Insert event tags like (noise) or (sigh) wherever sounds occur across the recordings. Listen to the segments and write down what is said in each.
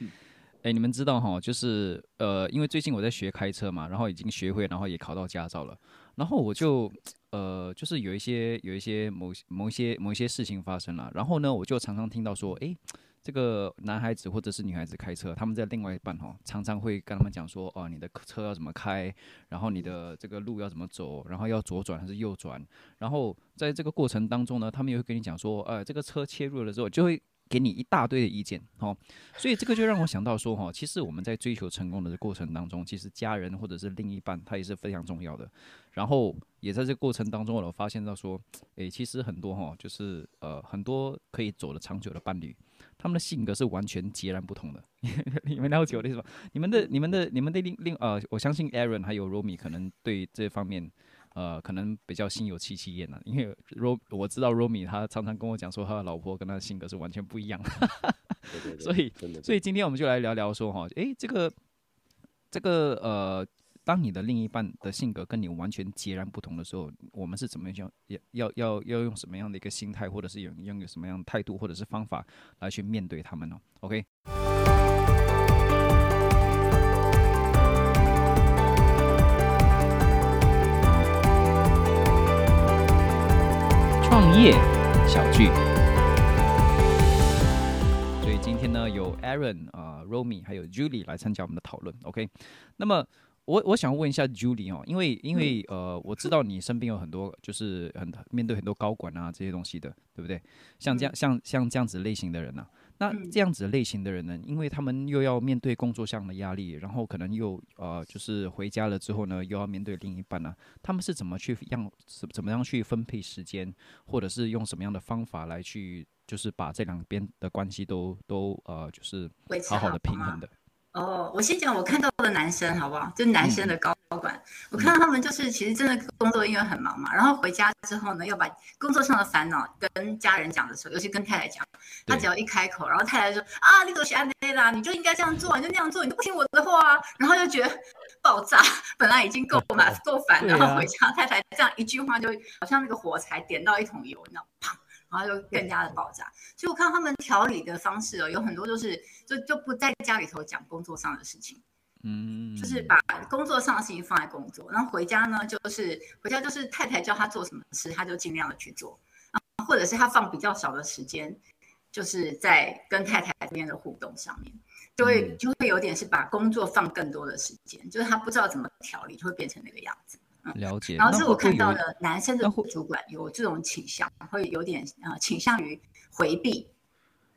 嗯，誒，你們知道哈，就是呃，因為最近我在學開車嘛，然後已經學會，然後也考到駕照了。然後我就呃，就是有一些有一些某某一些某一些事情發生了。然後呢，我就常常聽到說，誒，這個男孩子或者是女孩子開車，他們在另外一半哈，常常會跟他們講說，哦，呃，你的車要怎麼開，然後你的這個路要怎麼走，然後要左轉還是右轉。然後在這個過程當中呢，他們也會跟你講說，呃，這個車切入了之後就會。給你一大堆的意見，哈、哦，所以這個就讓我想到說，哈，其實我們在追求成功的過程當中，其實家人或者是另一半，他也是非常重要的。然後也在這個過程當中，我發現到說，誒，其實很多哈，就是呃，很多可以走得長久的伴侶，他們的性格是完全截然不同的。 (laughs) 你們了解我的意思嗎？你們的、你們的、你們的另另呃，我相信 Aaron 還有 Romy 可能對這方面。呃，可能比較心有戚戚焉，因為 Romy, 我知道 Romy 他常常跟我講說，他的老婆跟他的性格是完全不一樣的， (laughs) 對對對 (laughs) 所以，對對，真的對，所以今天我們就來聊聊說哈、哦，誒，這個，這個呃，當你的另一半的性格跟你完全截然不同的時候，我們是怎麼樣，要要要要用什麼樣的一個心態，或者是用用什麼樣的態度，或者是方法來去面對他們呢、哦？OK。夜、yeah, 小聚，所以今天呢，有 Aaron 啊、呃、Romy 還有 Julie 來參加我們的討論，OK。那麼我我想問一下 Julie 哦，因為因為呃，我知道你身邊有很多就是很面對很多高管啊這些東西的，對不對？像這樣像像這樣子類型的人呢、啊？那這樣子類型的人呢，因為他們又要面對工作上的壓力，然後可能又呃，就是回家了之後呢，又要面對另一半呢，啊，他們是怎麼去讓怎麼樣去分配時間，或者是用什麼樣的方法來去，就是把這兩邊的關係都都呃，就是好好的平衡的。哦、oh，我先講我看到的男生好不好？就男生的高高管，嗯，我看到他們就是其實真的工作因為很忙嘛，然後回家之後呢，要把工作上的煩惱跟家人講的時候，尤其跟太太講，他只要一開口，然後太太說啊，你都是這樣啦，你就應該這樣做，你就那樣做，你都不聽我的話，啊，然後就覺得爆炸，本來已經夠嘛，夠煩，嗯，然後回家，啊，太太這樣一句話，就好像那個火柴點到一桶油，你知道，啪然後就更加的爆炸，所以我看他們調理的方式哦，有很多就是就就不在家裡頭講工作上的事情，嗯，就是把工作上的事情放在工作，然後回家呢就是回家就是太太叫他做什麼事，他就盡量的去做，或者是他放比較少的時間，就是在跟太太之間的互動上面，就會就會有點是把工作放更多的時間，就是他不知道怎麼調理，就會變成那個樣子。嗯、了解。然後是我看到了男生的主管有這種傾向，會，會，有會有點啊、呃，傾向於回避。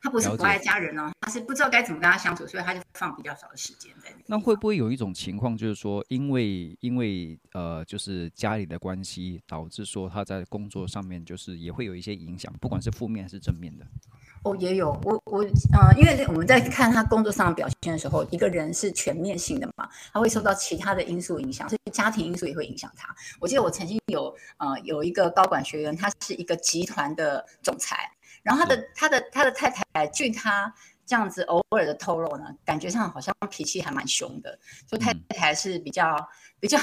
他不是不愛家人哦，他是不知道該怎麼跟他相處，所以他就放比較少的時間在那。那會不會有一種情況，就是說因，因為因為呃，就是家裡的關係，導致說他在工作上面就是也會有一些影響，不管是負面還是正面的。哦，也有我我呃，因為我們在看他工作上的表現的時候，一個人是全面性的嘛，他會受到其他的因素影響，所以家庭因素也會影響他。我記得我曾經有呃有一個高管學員，他是一個集團的總裁，然後他的他的他的，他的太太據他這樣子偶爾的透露呢，感覺上好像脾氣還蠻兇的，就太太是比較比較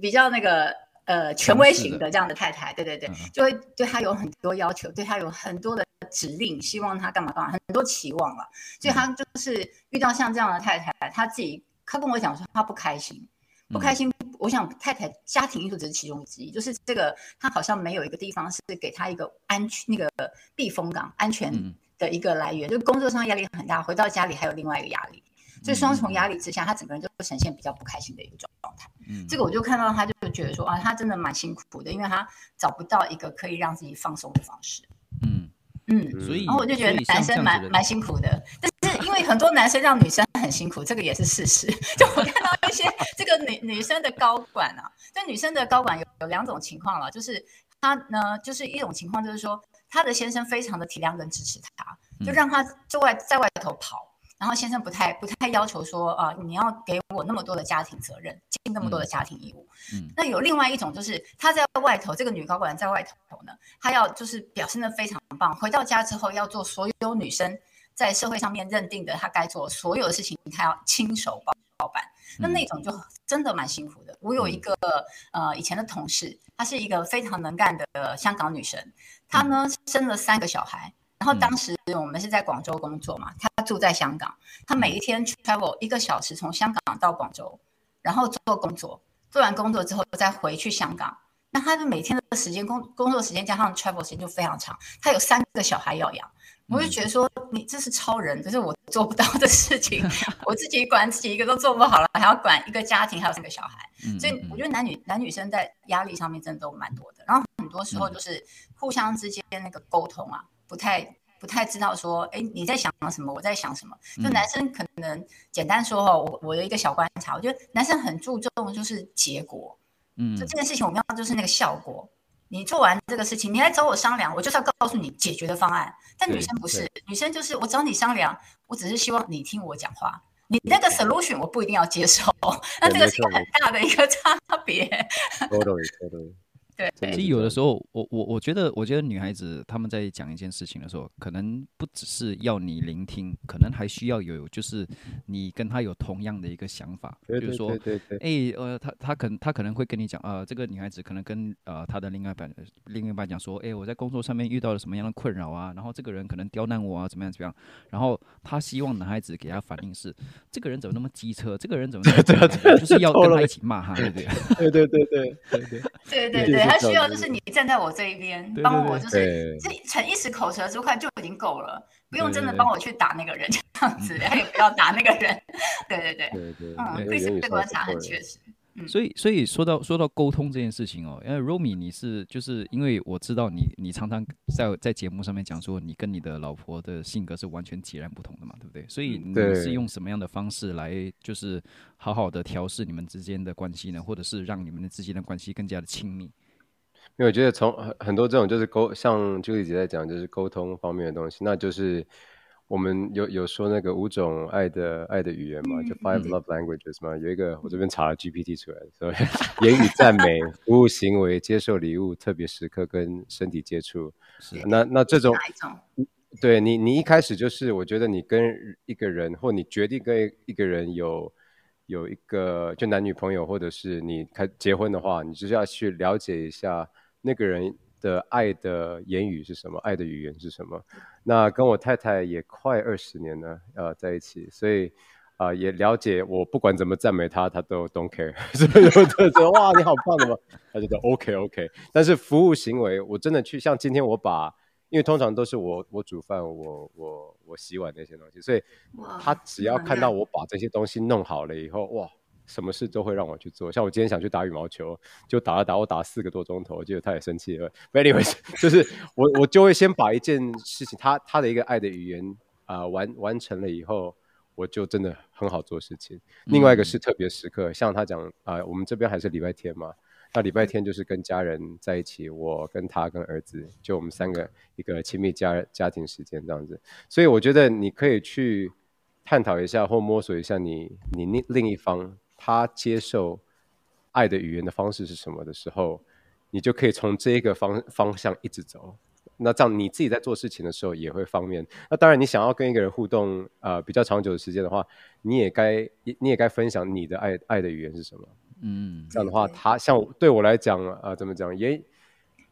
比較那個呃權威型的這樣的太太，嗯，是的，對對對，就會對他有很多要求，嗯、對他有很多的。指令，希望他幹嘛幹嘛，很多期望了，所以他就是遇到像這樣的太太，他自己，他跟我講說他不開心，不開心。嗯、我想太太家庭因素只是其中之一，就是這個他好像沒有一個地方是給他一個安全那個避風港，安全的一個來源。嗯、就工作上壓力很大，回到家裡還有另外一個壓力，所以雙重壓力之下，他整個人就會呈現比較不開心的一個狀態，嗯。這個我就看到他就覺得說，嗯、啊，他真的蠻辛苦的，因為他找不到一個可以讓自己放鬆的方式。嗯，所以然後我就覺得男生蠻蠻辛苦的，但是因為很多男生讓女生很辛苦， (laughs) 這個也是事實。就我看到一些這個女 (laughs) 女生的高管啊，這女生的高管有有兩種情況了，就是她呢，就是一種情況就是說她的先生非常的體諒跟支持她，就讓她在外在外頭跑。嗯然後先生不太不太要求說啊、呃，你要給我那麼多的家庭責任，盡那麼多的家庭義務。嗯，嗯，那有另外一種就是他在外頭，這個女高管在外頭呢，她要就是表現得非常棒。回到家之後，要做所有女生在社會上面認定的她該做所有的事情，她要親手包辦。那那種就真的蠻辛苦的。我有一個、嗯、呃以前的同事，她是一個非常能幹的香港女生，她呢、嗯、生了三個小孩。然後當時我們是在廣州工作嘛、嗯，他住在香港，他每一天 travel 一個小時從香港到廣州，然後做工作，做完工作之後再回去香港。那他的每天的時間工工作時間加上 travel 時間就非常長。他有三個小孩要養，我就覺得說、嗯、你這是超人，這是我做不到的事情。我自己管自己一個都做不好了，還要管一個家庭還有三個小孩，嗯、所以我覺得男女男女生在壓力上面真的都蠻多的。然後很多時候就是互相之間那個溝通啊。不太不太知道說，哎、欸，你在想什麼？我在想什麼？嗯、就男生可能簡單說哈，我我的一個小觀察，我覺得男生很注重就是結果，嗯，就這件事情我們要就是那個效果。你做完這個事情，你來找我商量，我就是要告訴你解決的方案。但女生不是，女生就是我找你商量，我只是希望你聽我講話，你那個 solution 我不一定要接受。 (laughs) 那這個是一個很大的一個差別。對對對。 (laughs) 對對對對，其實有的時候，我我我覺得，我覺得女孩子他們在講一件事情的時候，可能不只是要你聆聽，可能還需要有就是你跟她有同樣的一個想法，比如說，哎、欸，呃，她她可能她可能會跟你講，啊、呃，這個女孩子可能跟呃她的另外一半另外一半講說，哎、欸，我在工作上面遇到了什麼樣的困擾啊，然後這個人可能刁難我啊，怎麼樣怎麼樣，然後她希望男孩子給她反應是，這個人怎麼那麼機車，這個人怎麼那麼機車。對對對對，就是要跟他一起罵他，對對對對。 (laughs) 對對對對對對對對。 (laughs) 哎、他需要就是你站在我這一邊幫我，就是這逞一時口舌之快就已經夠了對對對，不用真的幫我去打那個人對對對這樣子，也、哎、不要打那個人。 (laughs) 對對對，對對對，嗯，對，是觀察很確實。所以，所以說到說到溝通這件事情哦，因為 Romy 你是就是因為我知道你你常常在在節目上面講說你跟你的老婆的性格是完全截然不同的嘛，對不對？所以你是用什麼樣的方式來就是好好的調試你們之間的關係呢？或者是讓你們的之間的關係更加的親密？因為我覺得從很很多這種就是溝，像 Julie 姐在講就是溝通方面的東西，那就是我們有有說那個五種愛的愛的語言嘛，嗯、就 Five Love Languages 嘛，嗯、有一個我這邊查了 GPT 出來，嗯、所以言語讚美、 (laughs) 服務行為、接受禮物、特別時刻跟身體接觸，是。那那這種，哪一種對你，你一開始就是我覺得你跟一個人，或你決定跟一個人有有一個就男女朋友，或者是你開結婚的話，你就是要去了解一下。那個人的愛的言語是什麼？愛的語言是什麼？那跟我太太也快二十年了，呃，在一起，所以啊、呃，也了解。我不管怎麼讚美她，她都 don't care 是不是？都覺 (laughs) 得哇，你好棒的、哦、嘛， (laughs) 她覺得 OK OK。但是服務行為，我真的去像今天，我把因為通常都是我我煮飯，我我我洗碗那些東西，所以她只要看到我把這些東西弄好了以後，哇。什麼事都會讓我去做，像我今天想去打羽毛球，就打打，我打四個多鐘頭，結果他也生氣了。But anyways，就是我我就會先把一件事情，他他的一個愛的語言啊、呃、完完成了以後，我就真的很好做事情。嗯、另外一個是特別時刻，像他講啊、呃，我們這邊還是禮拜天嘛，那禮拜天就是跟家人在一起，我跟他跟兒子，就我們三個一個親密家家庭時間這樣子。所以我覺得你可以去探討一下或摸索一下你你另另一方。他接受愛的語言的方式是什麼的時候，你就可以從這個方方向一直走。那這樣你自己在做事情的時候也會方便。那當然，你想要跟一個人互動，呃，比較長久的時間的話，你也該你也該分享你的愛愛的語言是什麼。嗯，這樣的話，他像對我來講，啊，呃，怎麼講，言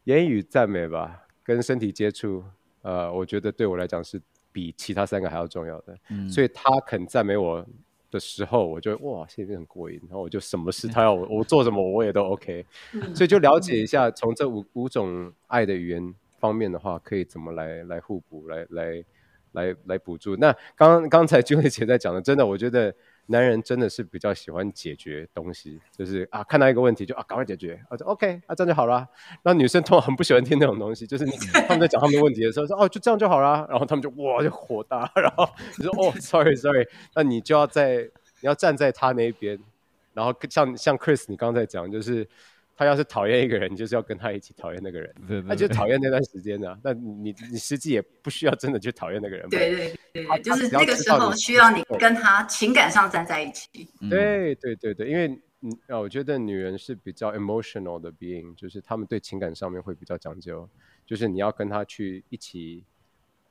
言語讚美吧，跟身體接觸，呃，我覺得對我來講是比其他三個還要重要的。嗯，所以他肯讚美我，的時候，我就哇，心裡變得很過癮，然後我就什麼事他要我 (laughs) 我做什麼，我也都 OK， (laughs) 所以就了解一下，從這五五種愛的語言方面的話，可以怎麼來來互補，來來來來補助。那剛剛才君惠姐在講的，真的，我覺得。男人真的是比較喜歡解決東西，就是啊，看到一個問題就啊，趕快解決，啊就 OK 啊，這樣就好了。那女生通常很不喜歡聽那種東西，就是你他們在講他們問題的時候說哦，就這樣就好了，然後他們就哇就火大，然後你說哦，sorry sorry，那你就要在你要站在他那一邊，然後像像 Chris 你剛才講，就是他要是討厭一個人，就是要跟他一起討厭那個人，他就討厭那段時間的，那你你實際也不需要真的去討厭那個人吧，對對、對。對，就是這個時候需要你跟他情感上站在一起。對，對，對，對，因為嗯啊，我覺得女人是比較 emotional 的 being，就是他們對情感上面會比較講究，就是你要跟他去一起，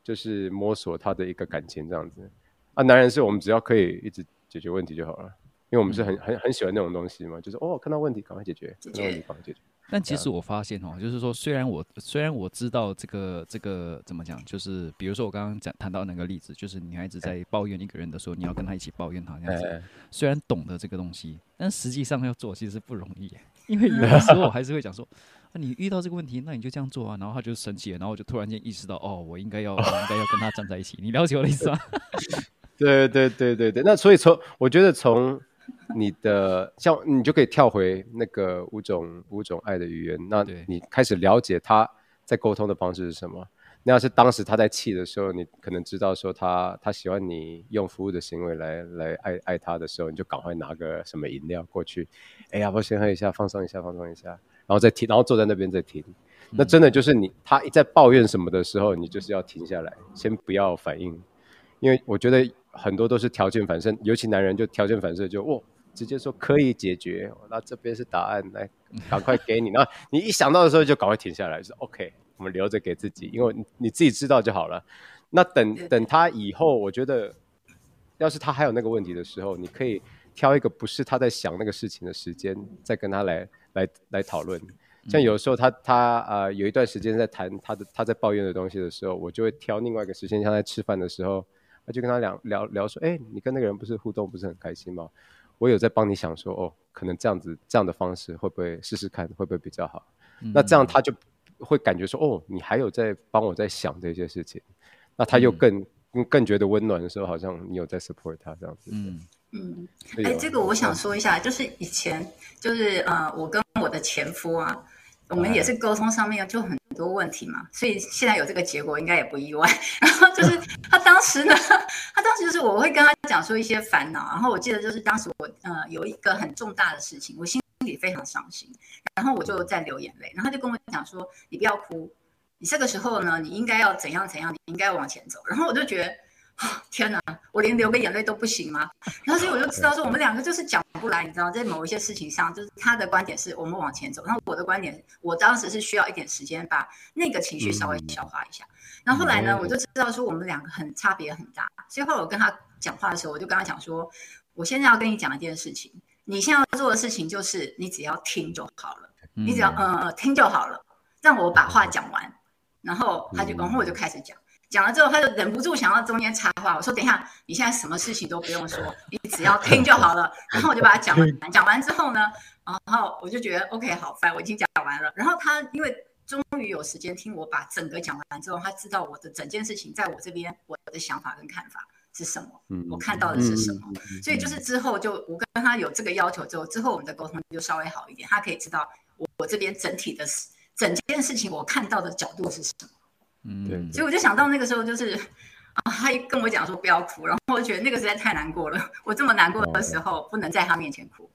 就是摸索他的一個感情這樣子。啊，男人是我們只要可以一直解決問題就好了，因為我們是很很很喜歡那種東西嘛，就是哦，看到問題趕快解決，看到問題趕快解決。但其實我發現哈，就是說，雖然我雖然我知道這個這個怎麼講，就是比如說我剛剛講談到那個例子，就是女孩子在抱怨一個人的時候，你要跟她一起抱怨她這樣子。雖然懂得這個東西，但實際上要做其實是不容易，因為有的時候我還是會講說，啊，你遇到這個問題，那你就這樣做啊。然後她就生氣了，然後我就突然間意識到，哦，我應該要應該要跟她站在一起。你了解我的意思嗎？對對對對對，對。那所以從我覺得從。 (laughs) 你的像你就可以跳回那個五種五種愛的語言，那你開始了解他在溝通的方式是什麼。那要是當時他在氣的時候，你可能知道說他他喜歡你用服務的行為來來愛愛他的時候，你就趕快拿個什麼飲料過去，哎呀，不先喝一下，放鬆一下，放鬆一下，然後再停，然後坐在那邊再停。那真的就是你他一在抱怨什麼的時候，你就是要停下來，先不要反應，因為我覺得。很多都是條件反射，尤其男人就條件反射就，就哇，直接說可以解決，那這邊是答案，來趕快給你。那你一想到的時候，就趕快停下來，說 OK，我們留着給自己，因為你自己知道就好了。那等等他以後，我覺得要是他還有那個問題的時候，你可以挑一個不是他在想那個事情的時間，再跟他來來來討論。像有時候他他呃有一段時間在談他的他在抱怨的東西的時候，我就會挑另外一個時間，像在吃飯的時候。就跟他聊聊聊說，哎、欸，你跟那個人不是互動不是很開心嗎？我有在幫你想說，哦，可能這樣子這樣的方式會不會試試看，會不會比較好，嗯？那這樣他就會感覺說，哦，你還有在幫我在想這些事情，那他又更、嗯、更覺得溫暖的時候，好像你有在 support 他這樣子。嗯嗯，哎、啊欸，這個我想說一下，嗯、就是以前就是呃，我跟我的前夫啊，我們也是溝通上面就很。嗯很多問題嘛，所以現在有這個結果應該也不意外。 (laughs) 然後就是他當時呢，他當時就是我會跟他講說一些煩惱。然後我記得就是當時我呃有一個很重大的事情，我心心裡非常傷心，然後我就在流眼淚。然後他就跟我講說：“你不要哭，你這個時候呢，你應該要怎樣怎樣，你應該往前走。”然後我就覺得。天哪，我連流個眼淚都不行嗎、啊？然後所以我就知道說，我們兩個就是講不來， (laughs) 你知道，在某一些事情上，就是他的觀點是我們往前走，然後我的觀點，我當時是需要一點時間把那個情緒稍微消化一下嗯嗯。然後後來呢，我就知道說，我們兩個很差別很大。所以後來我跟他講話的時候，我就跟他講說，我現在要跟你講一件事情，你現在要做的事情就是你只要聽就好了，你只要嗯嗯、嗯聽就好了，讓我把話講完。然後他就，然後我就開始講。嗯講了之後，他就忍不住想要中間插話。我說：“等一下，你現在什麼事情都不用說，你只要聽就好了。”然後我就把他講完。講完之後呢，然後我就覺得 OK，好拜，我已經講完了。然後他因為終於有時間聽我把整個講完之後，他知道我的整件事情在我這邊，我的想法跟看法是什麼，我看到的是什麼。所以就是之後就我跟他有這個要求之後，之後我們的溝通就稍微好一點，他可以知道我我這邊整體的，整件事情我看到的角度是什麼。嗯，對。所以我就想到那個時候，就是、嗯、啊，他一跟我講說不要哭，然後我覺得那個實在太難過了。我這麼難過的時候，嗯、不能在他面前哭。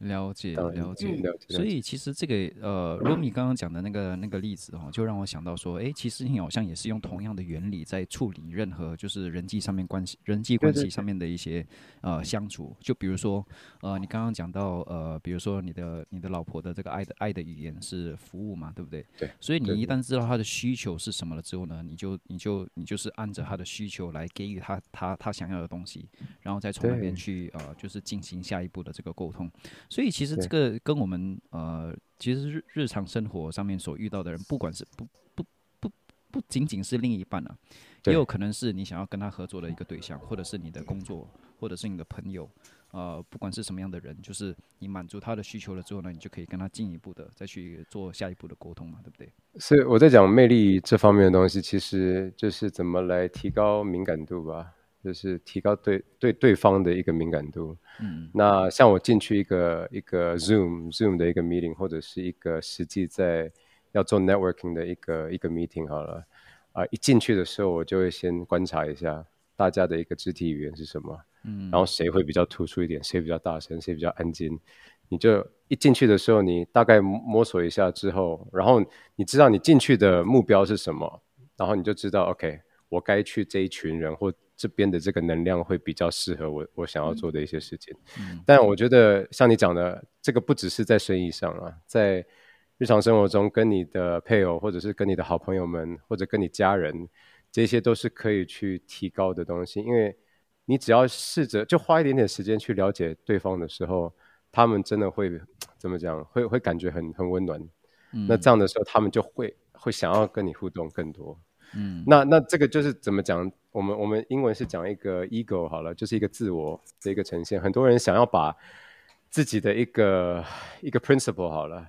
了解了解，嗯，所以其實這個呃 Romy 剛剛講的那個那個例子哈，哦，就讓我想到說，誒，其實你好像也是用同樣的原理在處理任何就是人際上面關係人際關係上面的一些對對對呃相處。就比如說呃，你剛剛講到呃，比如說你的你的老婆的這個愛的愛的語言是服務嘛，對不對？對。對對對，所以你一旦知道她的需求是什麼了之後呢，你就你就你就是按照她的需求來給予她她她想要的東西，然後再從那邊去呃，就是進行下一步的這個溝通。所以其實這個跟我們呃，其實日日常生活上面所遇到的人，不管是不不不不僅僅是另一半啊，也有可能是你想要跟他合作的一個對象，或者是你的工作，或者是你的朋友，呃，不管是什麼樣的人，就是你滿足他的需求了之後呢，你就可以跟他進一步的再去做下一步的溝通嘛，對不對？所以我在講魅力這方面的東西，其實就是怎麼來提高敏感度吧。就是提高對對對方的一個敏感度。嗯，那像我進去一個一個 Zoom Zoom 的一個 meeting，或者是一個實際在要做 networking 的一個一個 meeting 好了啊，呃，一進去的時候我就會先觀察一下大家的一個肢體語言是什麼，嗯，然後誰會比較突出一點，誰比較大聲，誰比較安靜。你就一進去的時候，你大概摸索一下之後，然後你知道你進去的目標是什麼，然後你就知道 OK，我該去這一群人或。這邊的這個能量會比較適合我、我想要做的一些事情。嗯、但我覺得像你講的，這個不只是在生意上啊，在日常生活中，跟你的配偶，或者是跟你的好朋友們，或者跟你家人，這些都是可以去提高的東西。因為你只要試着就花一點點時間去了解對方的時候，他們真的會怎麼講？會會感覺很很溫暖，嗯。那這樣的時候，他們就會會想要跟你互動更多。嗯，那那這個就是怎麼講？我們我們英文是講一個 ego 好了，就是一個自我的一個呈現。很多人想要把自己的一個一個 principle 好了，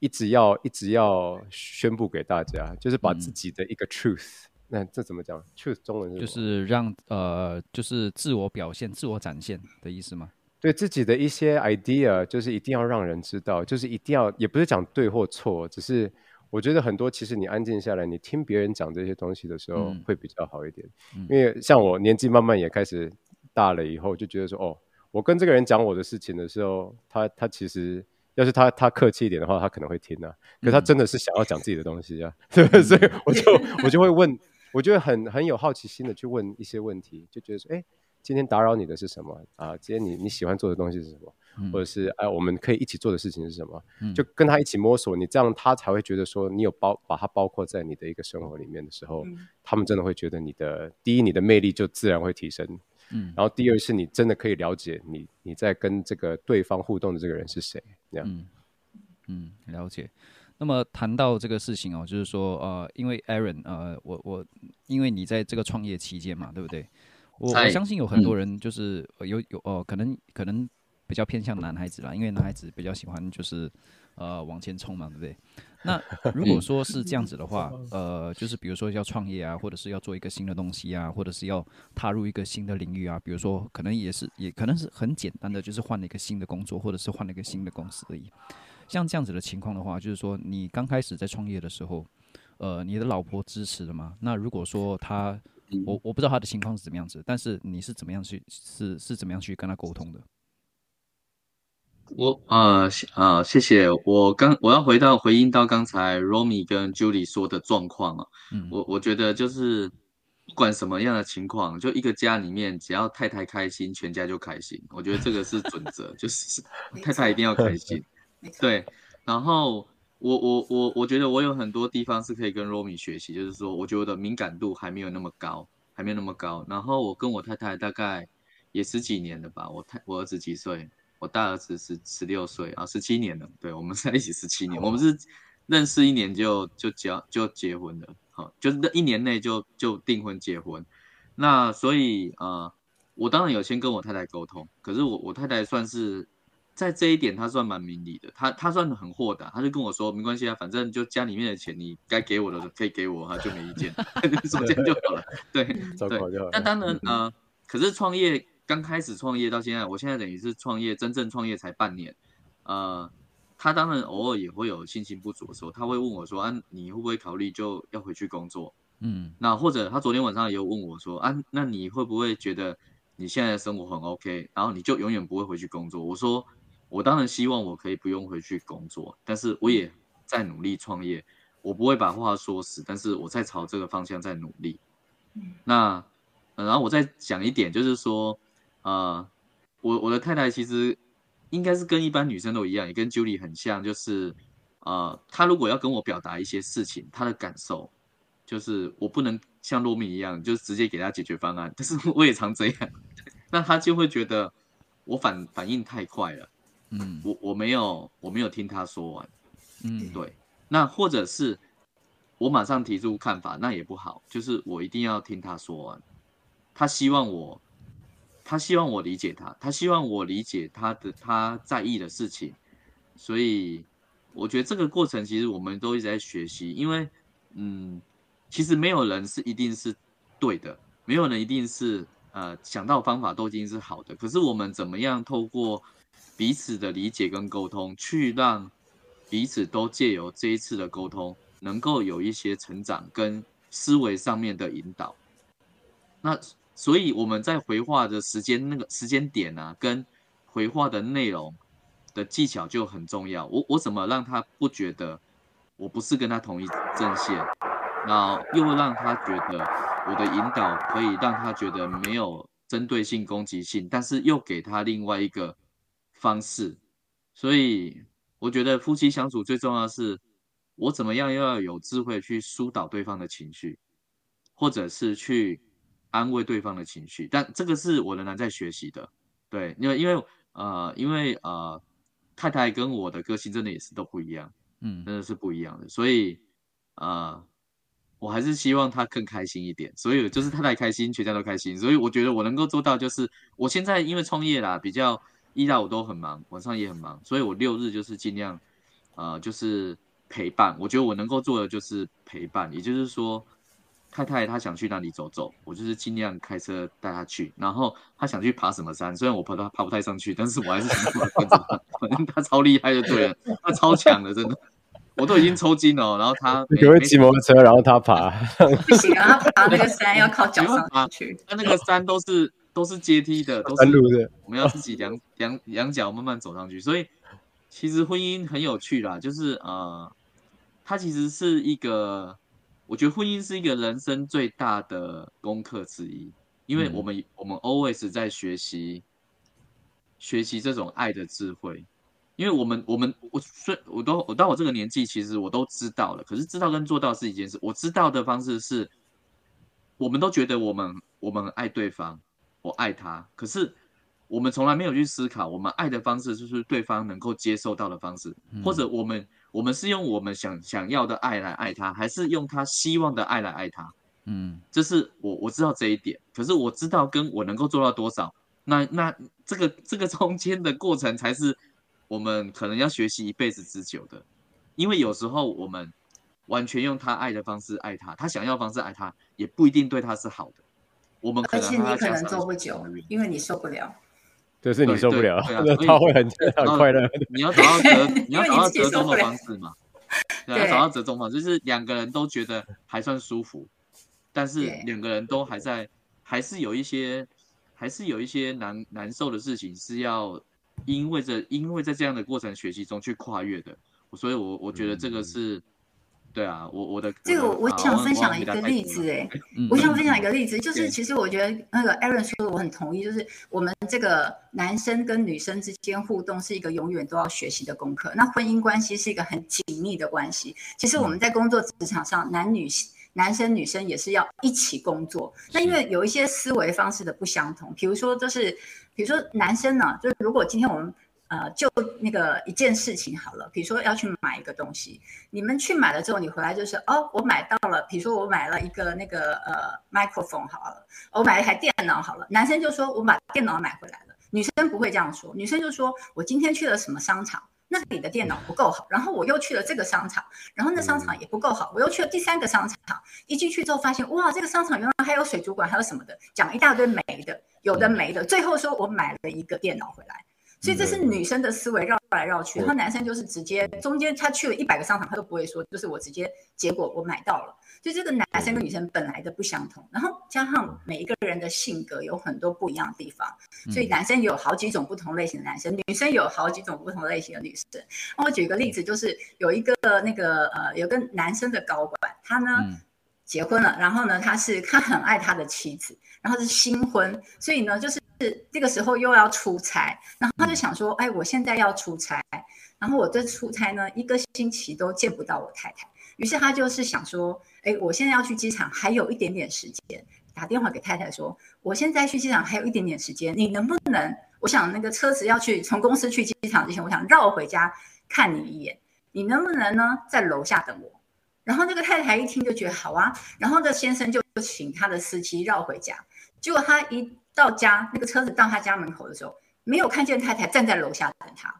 一直要一直要宣布給大家，就是把自己的一個 truth，嗯。那這怎麼講？truth 中文是就是讓呃，就是自我表現、自我展現的意思嗎？對自己的一些 idea，就是一定要讓人知道，就是一定要，也不是講對或錯，只是。我覺得很多，其實你安靜下來，你聽別人講這些東西的時候會比較好一點、嗯嗯。因為像我年紀慢慢也開始大了以後，就覺得說，哦，我跟這個人講我的事情的時候，他他其實要是他他客氣一點的話，他可能會聽啊。可是他真的是想要講自己的東西啊，嗯、對不對、嗯？所以我就我就會問，我就很很有好奇心的去問一些問題，就覺得說，哎，今天打擾你的是什麼啊？今天你你喜歡做的東西是什麼？或者是哎，我們可以一起做的事情是什麼、嗯？就跟他一起摸索，你這樣他才會覺得說你有包把他包括在你的一個生活裡面的時候，嗯、他們真的會覺得你的第一，你的魅力就自然會提升。嗯，然後第二是你真的可以了解你你在跟這個對方互動的這個人是誰。嗯、這樣嗯。嗯，了解。那麼談到這個事情哦，就是說呃，因為 Aaron 呃，我我因為你在這個創業期間嘛，對不對？我，我相信有很多人就是、嗯、有有哦、呃，可能可能。比較偏向男孩子啦，因為男孩子比較喜歡就是，呃，往前衝嘛，對不對？那如果說是這樣子的話， (laughs) 呃，就是比如說要創業啊，或者是要做一個新的東西啊，或者是要踏入一個新的領域啊，比如說可能也是也可能是很簡單的，就是換了一個新的工作，或者是換了一個新的公司而已。像這樣子的情況的話，就是說你剛開始在創業的時候，呃，你的老婆支持的嗎？那如果說他，我我不知道他的情況是怎麼樣子，但是你是怎麼樣去，是是怎麼樣去跟他溝通的？我啊啊，謝謝。我剛我要回到回應到剛才 Romi 跟 Julie 說的狀況啊。嗯、我我覺得就是不管什麼樣的情況，就一個家裡面只要太太開心，全家就開心。我覺得這個是準則， (laughs) 就是 (laughs) 太太一定要開心。 (laughs) 對。然後我我我我覺得我有很多地方是可以跟 Romi 學習，就是說我覺得敏感度還沒有那麼高，還沒有那麼高。然後我跟我太太大概也十幾年了吧，我太我兒子幾歲？我大兒子十十六歲啊，十七年了。對，我們在一起十七年，嗯，我們是認識一年就就結就結婚了，好，就是一年內就就訂婚結婚。那所以啊，呃，我當然有先跟我太太溝通，可是我我太太算是在這一點，她算蠻明理的，她她算很豁達，她就跟我說沒關係啊，反正就家裡面的錢你該給我的可以給我，她，啊啊、就沒意見，這 (laughs) 樣 (laughs) 就好了。對，那當然呃，嗯，可是創業。剛開始創業到現在，我現在等於是創業，真正創業才半年，呃，他當然偶爾也會有信心不足的時候，他會問我說：“啊，你會不會考慮就要回去工作？”嗯，那或者他昨天晚上也有問我說：“啊，那你會不會覺得你現在的生活很 OK，然後你就永遠不會回去工作？”我說：“我當然希望我可以不用回去工作，但是我也在努力創業，我不會把話說死，但是我在朝這個方向在努力。”嗯，那、呃、然後我再講一點，就是說。啊、呃，我我的太太其實應該是跟一般女生都一樣，也跟 Julie 很像，就是呃，她如果要跟我表達一些事情，她的感受，就是我不能像 Romy 一樣，就直接給她解決方案，但是我也常這樣， (laughs) 那她就會覺得我反反應太快了，嗯，我我沒有我沒有聽她說完，嗯，對，那或者是我馬上提出看法，那也不好，就是我一定要聽她說完，她希望我。他希望我理解他，他希望我理解他的他在意的事情，所以我覺得這個過程其實我們都一直在學習，因為嗯，其實沒有人是一定是對的，沒有人一定是呃想到方法都一定是好的，可是我們怎麼樣透過彼此的理解跟溝通，去讓彼此都借由這一次的溝通，能夠有一些成長跟思維上面的引導，那。所以我們在回話的時間那個時間點呢、啊，跟回話的內容的技巧就很重要。我我怎麼讓他不覺得我不是跟他同一陣線，然後又讓他覺得我的引導可以讓他覺得沒有針對性、攻擊性，但是又給他另外一個方式。所以我覺得夫妻相處最重要的是，我怎麼樣又要有智慧去疏導對方的情緒，或者是去。安慰對方的情緒，但這個是我仍然在學習的，對，因為因為呃，因為呃，太太跟我的個性真的也是都不一樣，嗯，真的是不一樣的，所以啊，呃，我還是希望她更開心一點，所以就是太太開心，全家都開心，所以我覺得我能夠做到就是，我現在因為創業啦，比較一到五都很忙，晚上也很忙，所以我六日就是盡量，呃，就是陪伴，我覺得我能夠做的就是陪伴，也就是說。太太，她想去哪裡走走，我就是盡量開車帶她去。然後她想去爬什麼山，雖然我爬都爬不太上去，但是我還是想跟着她。反正她超厲害的，就對了，她超強的，真的。我都已經抽筋了。然後她會騎摩托車，然後她爬。不行啊，然後爬那個山要靠腳上去。他 (laughs) 那，那個山都是都是階梯的，都是。我們要自己兩兩兩腳慢慢走上去。所以其實婚姻很有趣啦，就是呃，它其實是一個。我覺得婚姻是一個人生最大的功課之一，因為我們、嗯、我們 always 在學習學習這種愛的智慧，因為我們我們我雖我都我到我這個年紀，其實我都知道了，可是知道跟做到是一件事。我知道的方式是，我們都覺得我們我們愛對方，我愛他，可是。我們從來沒有去思考，我們愛的方式就是對方能夠接受到的方式。嗯，或者我們我們是用我們想想要的愛來愛他，還是用他希望的愛來愛他？嗯，這是我我知道這一點，可是我知道跟我能夠做到多少，那那這個這個中間的過程才是我們可能要學習一輩子之久的，因為有時候我們完全用他愛的方式愛他，他想要的方式愛他也不一定對他是好的，我們可是你可能做不久，因為你受不了。這、就是你受不，、啊、 (laughs) 不了，對啊，所以他會很非常快樂。你要找到折你要找到折中的方式嘛，對，找到折中方式嘛，就是兩個人都覺得還算舒服，但是兩個人都還在，還是有一些，還是有一些難難受的事情是要因為這，因為在這樣的過程學習中去跨越的，所以我我覺得這個是。嗯嗯對啊，我我的，我的這個我想分享一個例子誒、欸嗯，我想分享一個例子，就是其實我覺得那個 Aaron 說的我很同意，就是我們這個男生跟女生之間互動是一個永遠都要學習的功課。那婚姻關係是一個很緊密的關係，其實我們在工作職場上，嗯、男女，男生女生也是要一起工作。那因為有一些思維方式的不相同，比如說就是比如說男生呢、啊，就如果今天我們呃，就那個一件事情好了，比如說要去買一個東西，你們去買了之後，你回來就是哦，我買到了，比如說我買了一個那個呃麥克風好了，我、哦、買了一台電腦好了。男生就說我把電腦買回來了，女生不會這樣說，女生就說我今天去了什麼商場，那裡的電腦不夠好，然後我又去了這個商場，然後那商場也不夠好，我又去了第三個商場，一進去之後發現哇，這個商場原來還有水族館，還有什麼的，講一大堆沒的，有的沒的，最後說我買了一個電腦回來。所以這是女生的思維，繞來繞去，然後男生就是直接，中間他去了一百個商場，他都不會說，就是我直接結果我買到了。就這個男生跟女生本來的不相同，然後加上每一個人的性格有很多不一樣的地方，所以男生有好幾種不同類型的男生，嗯、女生有好幾種不同類型的女生。那我舉個例子，就是有一個那個呃，有個男生的高管，他呢、嗯、結婚了，然後呢他是他很愛他的妻子。然後是新婚，所以呢，就是那這個時候又要出差，然後他就想說，哎，我現在要出差，然後我這出差呢，一個星期都見不到我太太，於是他就是想說，哎，我現在要去機場，還有一點點時間，打電話給太太說，我現在去機場還有一點點時間，你能不能，我想那個車子要去從公司去機場之前，我想繞回家看你一眼，你能不能呢，在樓下等我？然後那個太太一聽就覺得好啊，然後那先生就請他的司機繞回家。結果他一到家，那個車子到他家門口的時候，沒有看見太太站在樓下等他，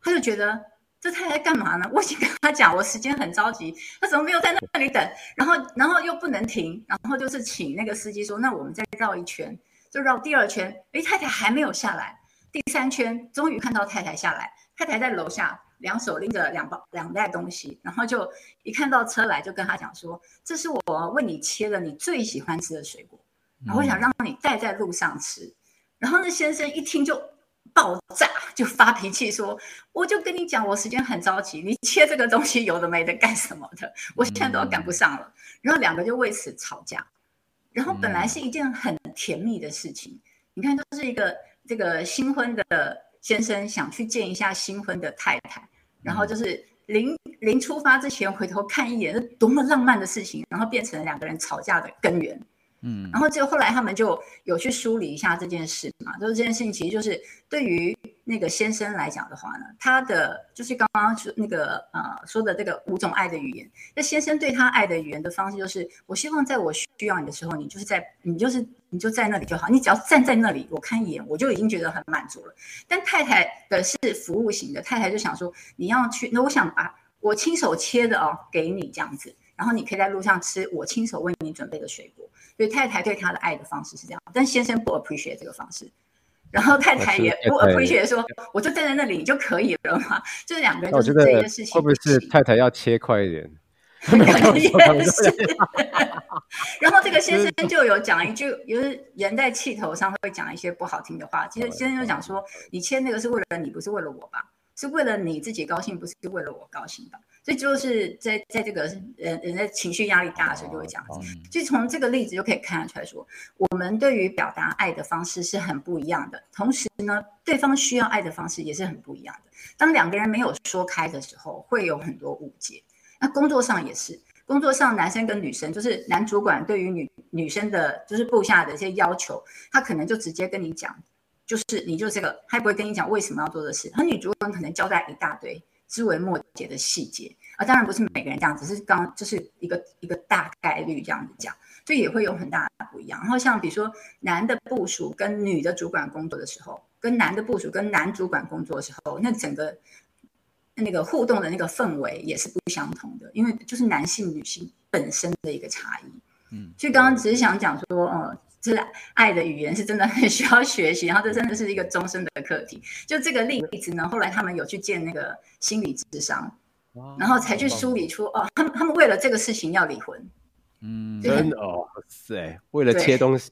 他就覺得這太太幹嘛呢？我已經跟他講，我時間很着急，他怎麼沒有在那裡等？然後，然後又不能停，然後就是請那個司機說：“那我們再繞一圈，就繞第二圈。”哎，太太還沒有下來。第三圈，終於看到太太下來，太太在樓下兩手拎着兩包兩袋東西，然後就一看到車來，就跟他講說：“這是我為你切的你最喜歡吃的水果。”然後我想讓你帶在路上吃，然後那先生一聽就爆炸，就發脾氣說：“我就跟你講，我時間很着急，你切這個東西有的沒的幹什麼的，我現在都要趕不上了。”然後兩個就為此吵架。然後本來是一件很甜蜜的事情，你看，都是一個這個新婚的先生想去見一下新婚的太太，然後就是臨臨出發之前回頭看一眼，是多麼浪漫的事情，然後變成兩個人吵架的根源。嗯，然後就後來他們就有去梳理一下這件事嘛，就是這件事情其實就是對於那個先生來講的話呢，他的就是剛剛說那個呃說的這個五種愛的語言，那先生對他愛的語言的方式就是，我希望在我需要你的時候，你就是在，你就是你就在那裡就好，你只要站在那裡，我看一眼我就已經覺得很滿足了。但太太的是服務型的，太太就想說你要去，那我想把我親手切的哦，給你這樣子，然後你可以在路上吃我親手為你準備的水果。所以太太對他的愛的方式是這樣，但先生不 appreciate 這個方式，然後太太也不 appreciate 說，我就站在那裡，就，在那裡就可以了嘛，就兩個人就是這事情。人我覺得會不會是太太要切快一點？ (laughs) (laughs) (laughs) Yes, (laughs) (laughs) 然後這個先生就有講一句，有時人在氣頭上會講一些不好聽的話。其實先生就講說，Oh yeah. 你切那個是為了你，不是為了我吧？是為了你自己高興，不是為了我高興吧，所以就是在在這個人人的情緒壓力大的時候就會這樣子。就從這個例子就可以看得出來說，我們對於表達愛的方式是很不一樣的，同時呢，對方需要愛的方式也是很不一樣的。當兩個人沒有說開的時候，會有很多誤解。那工作上也是，工作上男生跟女生就是男主管對於女女生的，就是部下的一些要求，他可能就直接跟你講，就是你就是、這個，他也不會跟你講為什麼要做的事。他女主管可能交代一大堆枝微末節的細節啊，當然不是每個人這樣子，只是剛就是一個一個大概率這樣子講，所以也會有很大不一樣。然後像比如說男的部署跟女的主管工作的時候，跟男的部署跟男主管工作的時候，那整個那個互動的那個氛圍也是不相同的，因為就是男性女性本身的一個差異。嗯，所以剛剛只是想講說，哦、呃。就是愛的語言是真的很需要學習，然後這真的是一個終身的課題。就這個例子呢，後來他們有去見那個心理諮商，然後才去梳理出哦，他們他們為了這個事情要離婚。嗯，真的，哦，哎，為了切東西。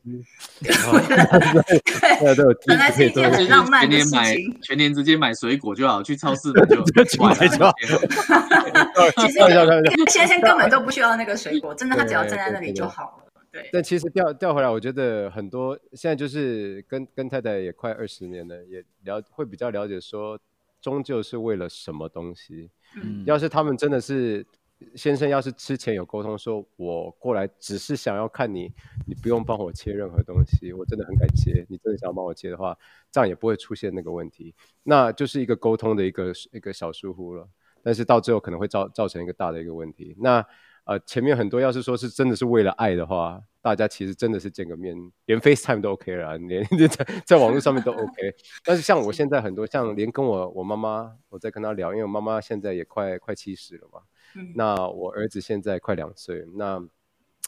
對對、哦、對，本來是一件、哦、很浪漫的事情。全年買，全年直接買水果就好，去超市的就完事了。 (laughs) (laughs) 其實、那個、 (laughs) (laughs) 其實那先生根本都不需要那個水果， (laughs) 真的，他只要站在那裡就好了。對對對對。但其實調調回來，我覺得很多現在就是跟跟太太也快二十年了，也了會比較了解，說終究是為了什麼東西。嗯，要是他們真的是先生，要是之前有溝通說，說我過來只是想要看你，你不用幫我切任何東西，我真的很感謝。你真的想要幫我切的話，這樣也不會出現那個問題。那就是一個溝通的一個一個小疏忽了，但是到最後可能會造造成一個大的一個問題。那。呃，前面很多要是說是真的是為了愛的話，大家其實真的是見個面，連 FaceTime 都 OK 了，連在在網絡上面都 OK。 (laughs) 但是像我現在很多，像連跟我我媽媽，我在跟她聊，因為我媽媽現在也快快七十了嘛。嗯。那我兒子現在快兩歲，那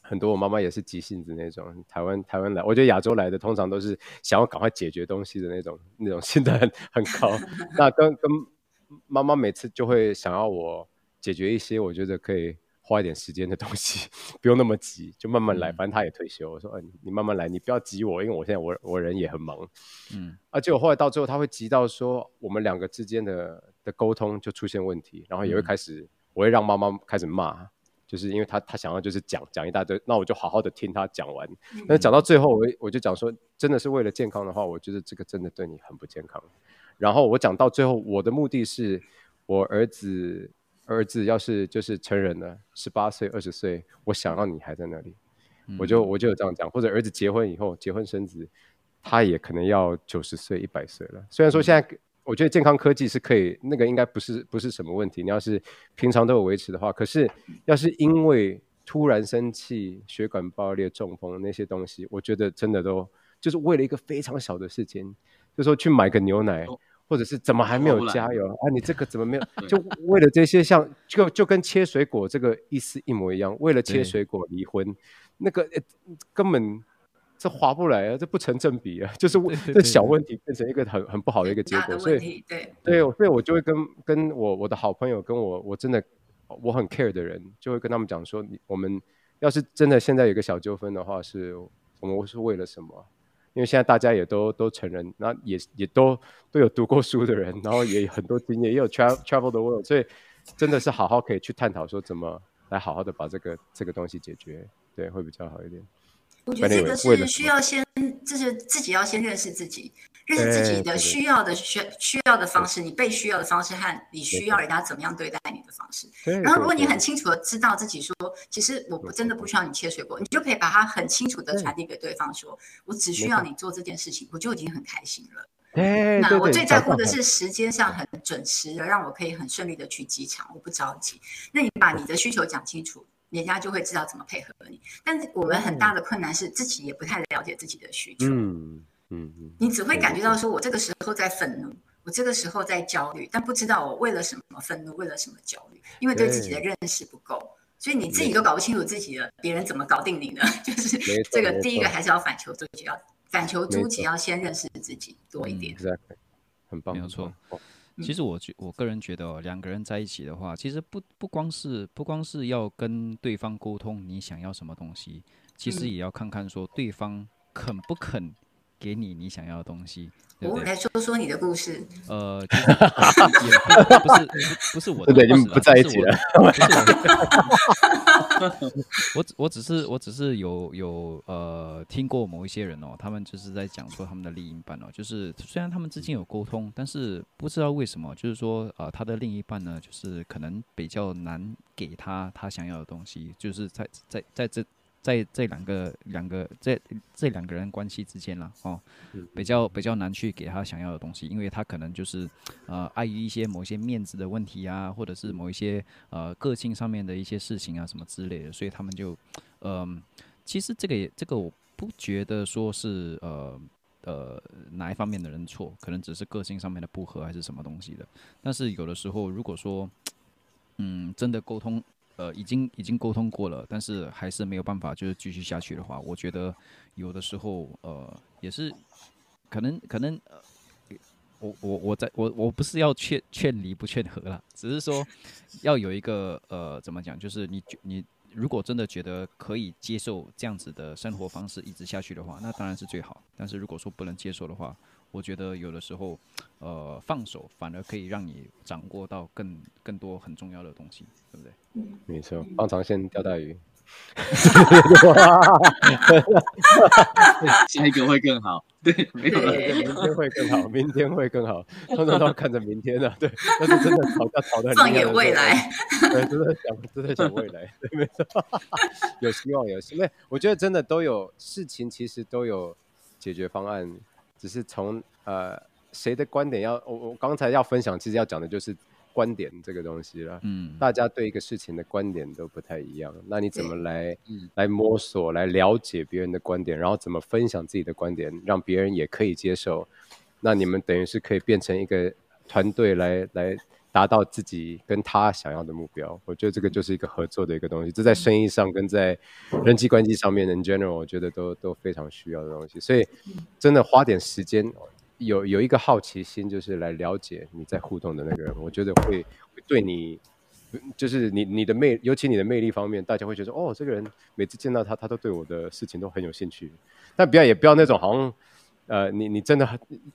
很多我媽媽也是急性子那種，台灣台灣來，我覺得亞洲來的通常都是想要趕快解決東西的那種，那種心態很很高。 (laughs) 那跟跟媽媽每次就會想要我解決一些，我覺得可以。花一點時間的東西， (laughs) 不用那麼急，就慢慢來。嗯、反正他也退休，我說：“你、哎、你慢慢來，你不要急我，因為我現在我我人也很忙。”嗯，而且我後來到最後，他會急到說，我們兩個之間的的溝通就出現問題，然後也會開始，嗯、我會讓媽媽開始罵，就是因為他他想要就是講講一大堆，那我就好好的聽他講完。那講到最後，我我就講說，真的是為了健康的話，我覺得這個真的對你很不健康。然後我講到最後，我的目的是我兒子。兒子要是就是成人了，十八歲、二十歲，我想讓你還在那裡，我就我就有這樣講。或者兒子結婚以後，結婚生子，他也可能要九十歲、一百歲了。雖然說現在我覺得健康科技是可以，那個應該不是不是什麼問題。你要是平常都有維持的話，可是要是因為突然生氣、血管爆裂、中風那些東西，我覺得真的都就是為了一個非常小的事情，就說去買個牛奶、哦。或者是怎麼還沒有加油啊？你這個怎麼沒有？ (laughs) 就為了這些像，像就就跟切水果這個意思一模一樣。為了切水果離婚，那個、欸、根本這划不來啊，這不成正比啊。就是為這小問題變成一個很很不好的一個結果，那個、所以對對，所以我就會跟跟我我的好朋友，跟我我真的我很 care 的人，就會跟他們講說：你我們要是真的現在有個小糾紛的話，是我們是為了什麼？因為現在大家也都都成人，那也也都都有讀過書的人，然後也有很多經驗，也有 travel travel the world，所以真的是好好可以去探討說怎麼來好好的把這個這個東西解決，對，會比較好一點。我覺得這個是需要先，就是自己要先認識自己。認識自己的需要的需需要的方式，你被需要的方式和你需要人家怎麼樣對待你的方式。然後，如果你很清楚的知道自己說，其實我不真的不需要你切水果你、哎，你就可以把它很清楚的傳遞給對方，說我只需要你做這件事情，我就已經很開心了。那我最在乎的是時間上很準時，讓我可以很順利的去機場，我不着急。那你把你的需求講清楚，人家、哎、就會知道怎麼配合你。但是我們很大的困難是自己也不太了解自己的需求。嗯。嗯嗯你只會感覺到說，我這個時候在憤怒我在，我這個時候在焦慮，但不知道我為了什麼憤怒，為了什麼焦慮，因為對自己的認識不夠，所以你自己都搞不清楚自己的，別人怎麼搞定你的，就是這個第一個還是要反求諸己要，要反求諸己，要先認識自己多一點，很棒、嗯嗯，沒有錯。其實我覺我個人覺得、哦，兩個人在一起的話，其實不不光是不光是要跟對方溝通你想要什麼東西，其實也要看看說對方肯不肯。給你你想要的東西，我來、哦、說說你的故事。呃， (laughs) 也不是，不是， (laughs) 是我 (laughs) 不是我的，故 (laughs) 事。 (laughs) 不在一起，我我我只是我只是有有呃聽過某一些人哦，他們就是在講說他們的另一半哦，就是雖然他們之間有溝通，但是不知道為什麼，就是說呃他的另一半呢，就是可能比較難給他他想要的東西，就是在在在這。在這兩個兩個這這兩個人關係之間了哦，比較比較難去給他想要的東西，因為他可能就是呃礙於一些某些面子的問題啊，或者是某一些呃個性上面的一些事情啊什麼之類的，所以他們就，嗯、呃，其實這個也這個我不覺得說是呃呃哪一方面的人錯，可能只是個性上面的不合還是什麼東西的，但是有的時候如果說嗯真的溝通。呃，已經已經溝通過了，但是還是沒有辦法，就是繼續下去的話，我覺得有的時候，呃，也是可能可能呃，我我我在我我不是要勸勸離不勸和了，只是說要有一個呃，怎麼講，就是你你如果真的覺得可以接受這樣子的生活方式一直下去的話，那當然是最好。但是如果說不能接受的話，我覺得有的時候，呃，放手反而可以讓你掌握到更更多很重要的東西，對不對？嗯，沒、嗯、錯，放長線釣大魚。下 (laughs) (laughs) 哇 (laughs) 一個會更好，對，沒錯，明天會更好，明天會更好，常常都看着明天呢、啊，對。但是真的，吵架吵得很。 (laughs) 放眼未來、哦。對，真的想，真的想未來， (laughs) 對，沒錯，有希望，有希望。希望我覺得真的都有事情，其實都有解決方案。只是從呃誰的觀點要我我剛才要分享，其實要講的就是觀點這個東西了。嗯，大家對一個事情的觀點都不太一樣，那你怎麼來、嗯、來摸索、來了解別人的觀點，然後怎麼分享自己的觀點，讓別人也可以接受？那你們等於是可以變成一個團隊來來。達到自己跟他想要的目標，我覺得這個就是一個合作的一個東西。這在生意上跟在人際關係上面，in general，我覺得都都非常需要的東西。所以，真的花點時間，有有一個好奇心，就是來了解你在互動的那個人，我覺得會會對你，就是你你的魅，尤其你的魅力方面，大家會覺得哦，這個人每次見到他，他都對我的事情都很有興趣。但不要也不要那種好像。呃，你你真的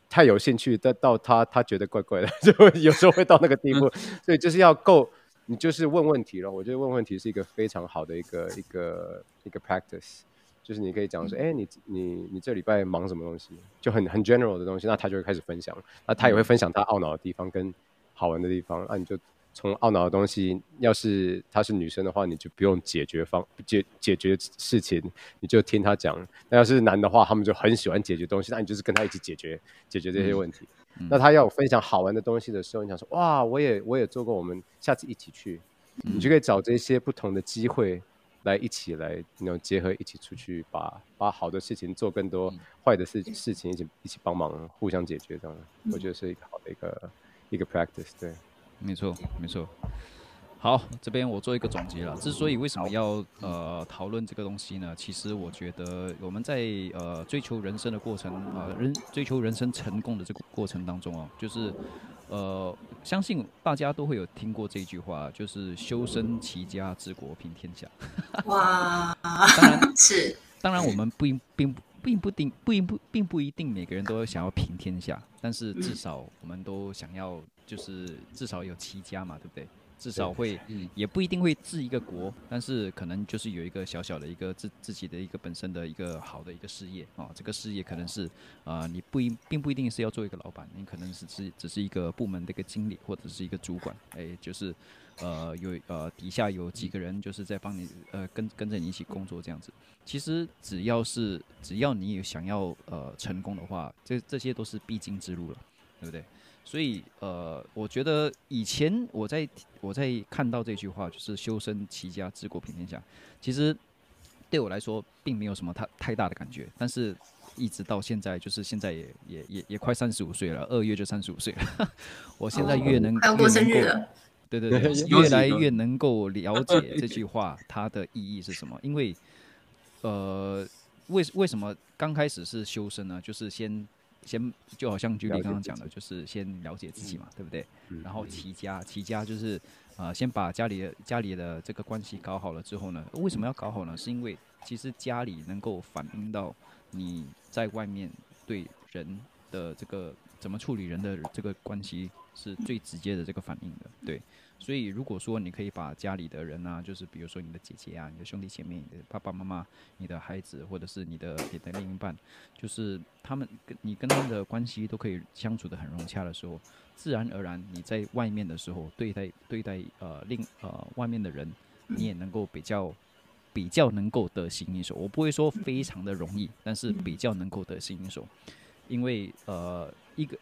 太有興趣，到到他他覺得怪怪的，就 (laughs) 會有時候會到那個地步， (laughs) 所以就是要夠，你就是問問題咯，我覺得問問題是一個非常好的一個一個一個 practice，就是你可以講說，哎，你你你這禮拜忙什麼東西，就很很 general 的東西，那他就會開始分享，那他也會分享他懊惱的地方跟好玩的地方，那、啊、你就。從懊惱的東西，要是她是女生的話，你就不用解決方解解決事情，你就聽她講。那要是男的話，他們就很喜歡解決東西，那你就是跟他一起解決解決這些問題，嗯。那他要分享好玩的東西的時候，你想說哇，我也我也做過，我們下次一起去。你就可以找這些不同的機會來一起來那種結合一起出去把，把把好的事情做更多，嗯，壞的事事情一起一起幫忙，互相解決這樣，嗯，我覺得是一個好的一個一個 practice。對。沒錯，沒錯。好，這邊我做一個總結了。之所以為什麼要呃討論這個東西呢？其實我覺得我們在呃追求人生的過程啊、呃，人追求人生成功的這個過程當中啊、哦，就是呃相信大家都會有聽過這句話，就是“修身齊家治國平天下” (laughs) 哇！當然是，當然我們並不，並不，定不並不並不定並不並不一定每個人都想要平天下，但是至少我們都想要。就是至少有七家嘛，對不對？至少會、嗯，也不一定會治一個國，但是可能就是有一個小小的一個自自己的一個本身的一個好的一個事業啊、哦。這個事業可能是啊、呃，你不一並不一定是要做一個老闆，你可能是只只是一個部門的一個經理或者是一個主管，哎，就是呃有呃底下有幾個人就是在幫你呃跟跟着你一起工作這樣子。其實只要是只要你有想要呃成功的話，這這些都是必經之路了，對不對？所以，呃，我覺得以前我在我在看到這句話，就是“修身齊家治國平天下”，其實對我來說並沒有什麼太太大的感覺。但是，一直到現在，就是現在也也也也快三十五歲了，二月就三十五歲了。 (laughs) 我現在越能，哦，還要過生日了。對對對，越來越能夠了解這句話它的意義是什麼。因為，呃，為為什麼剛開始是修身呢？就是先。先就好像就你剛剛講的，就是先了解自己嘛，嗯、對不對？嗯、然後齊家，齊家就是，呃，先把家裡的家裡的這個關係搞好了之後呢，為什麼要搞好呢？是因為其實家裡能夠反映到你在外面對人的這個怎麼處理人的這個關係是最直接的這個反應的，對。所以，如果說你可以把家裡的人啊，就是比如說你的姐姐啊、你的兄弟姐妹、你的爸爸媽媽、你的孩子，或者是你的你的另一半，就是他們跟你跟他們的關係都可以相處得很融洽的時候，自然而然你在外面的時候，對待對待呃另呃外面的人，你也能夠比較比較能夠得心應手。我不會說非常的容易，但是比較能夠得心應手，因為呃一個，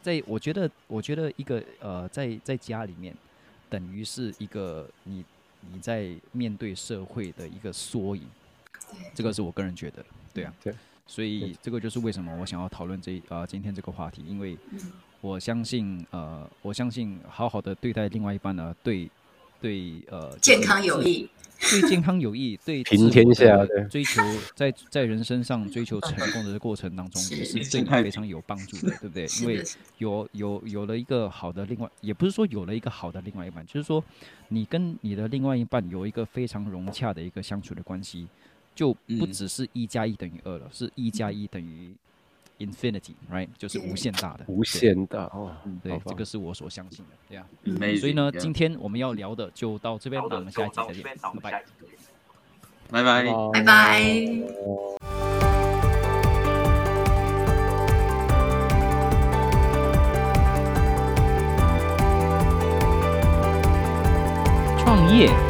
在我覺得我覺得一個呃在在家裡面。等於是一個你你在面對社會的一個縮影，這個是我個人覺得，對啊，對，所以這個就是為什麼我想要討論這啊，呃，今天這個話題，因為我相信呃我相信好好的對待另外一半呢，對。對，呃，健康有益，對健康有益，對 (laughs) 平天下，追求在在人生上追求成功的過程當中，是是，對你非常有幫助的， (laughs) 對不對？因為有有有了一個好的另外，也不是說有了一個好的另外一半，就是說你跟你的另外一半有一個非常融洽的一個相處的關係，就不只是一加一等於二了，是一加一等於。Infinity，right，就是無限大的，嗯、無限大哦。嗯、對，這個是我所相信的，對呀、啊嗯嗯。所以呢、嗯，今天我們要聊的、嗯、就到這邊了，我們下一集再見，感謝你，拜拜，拜拜，拜拜。創業。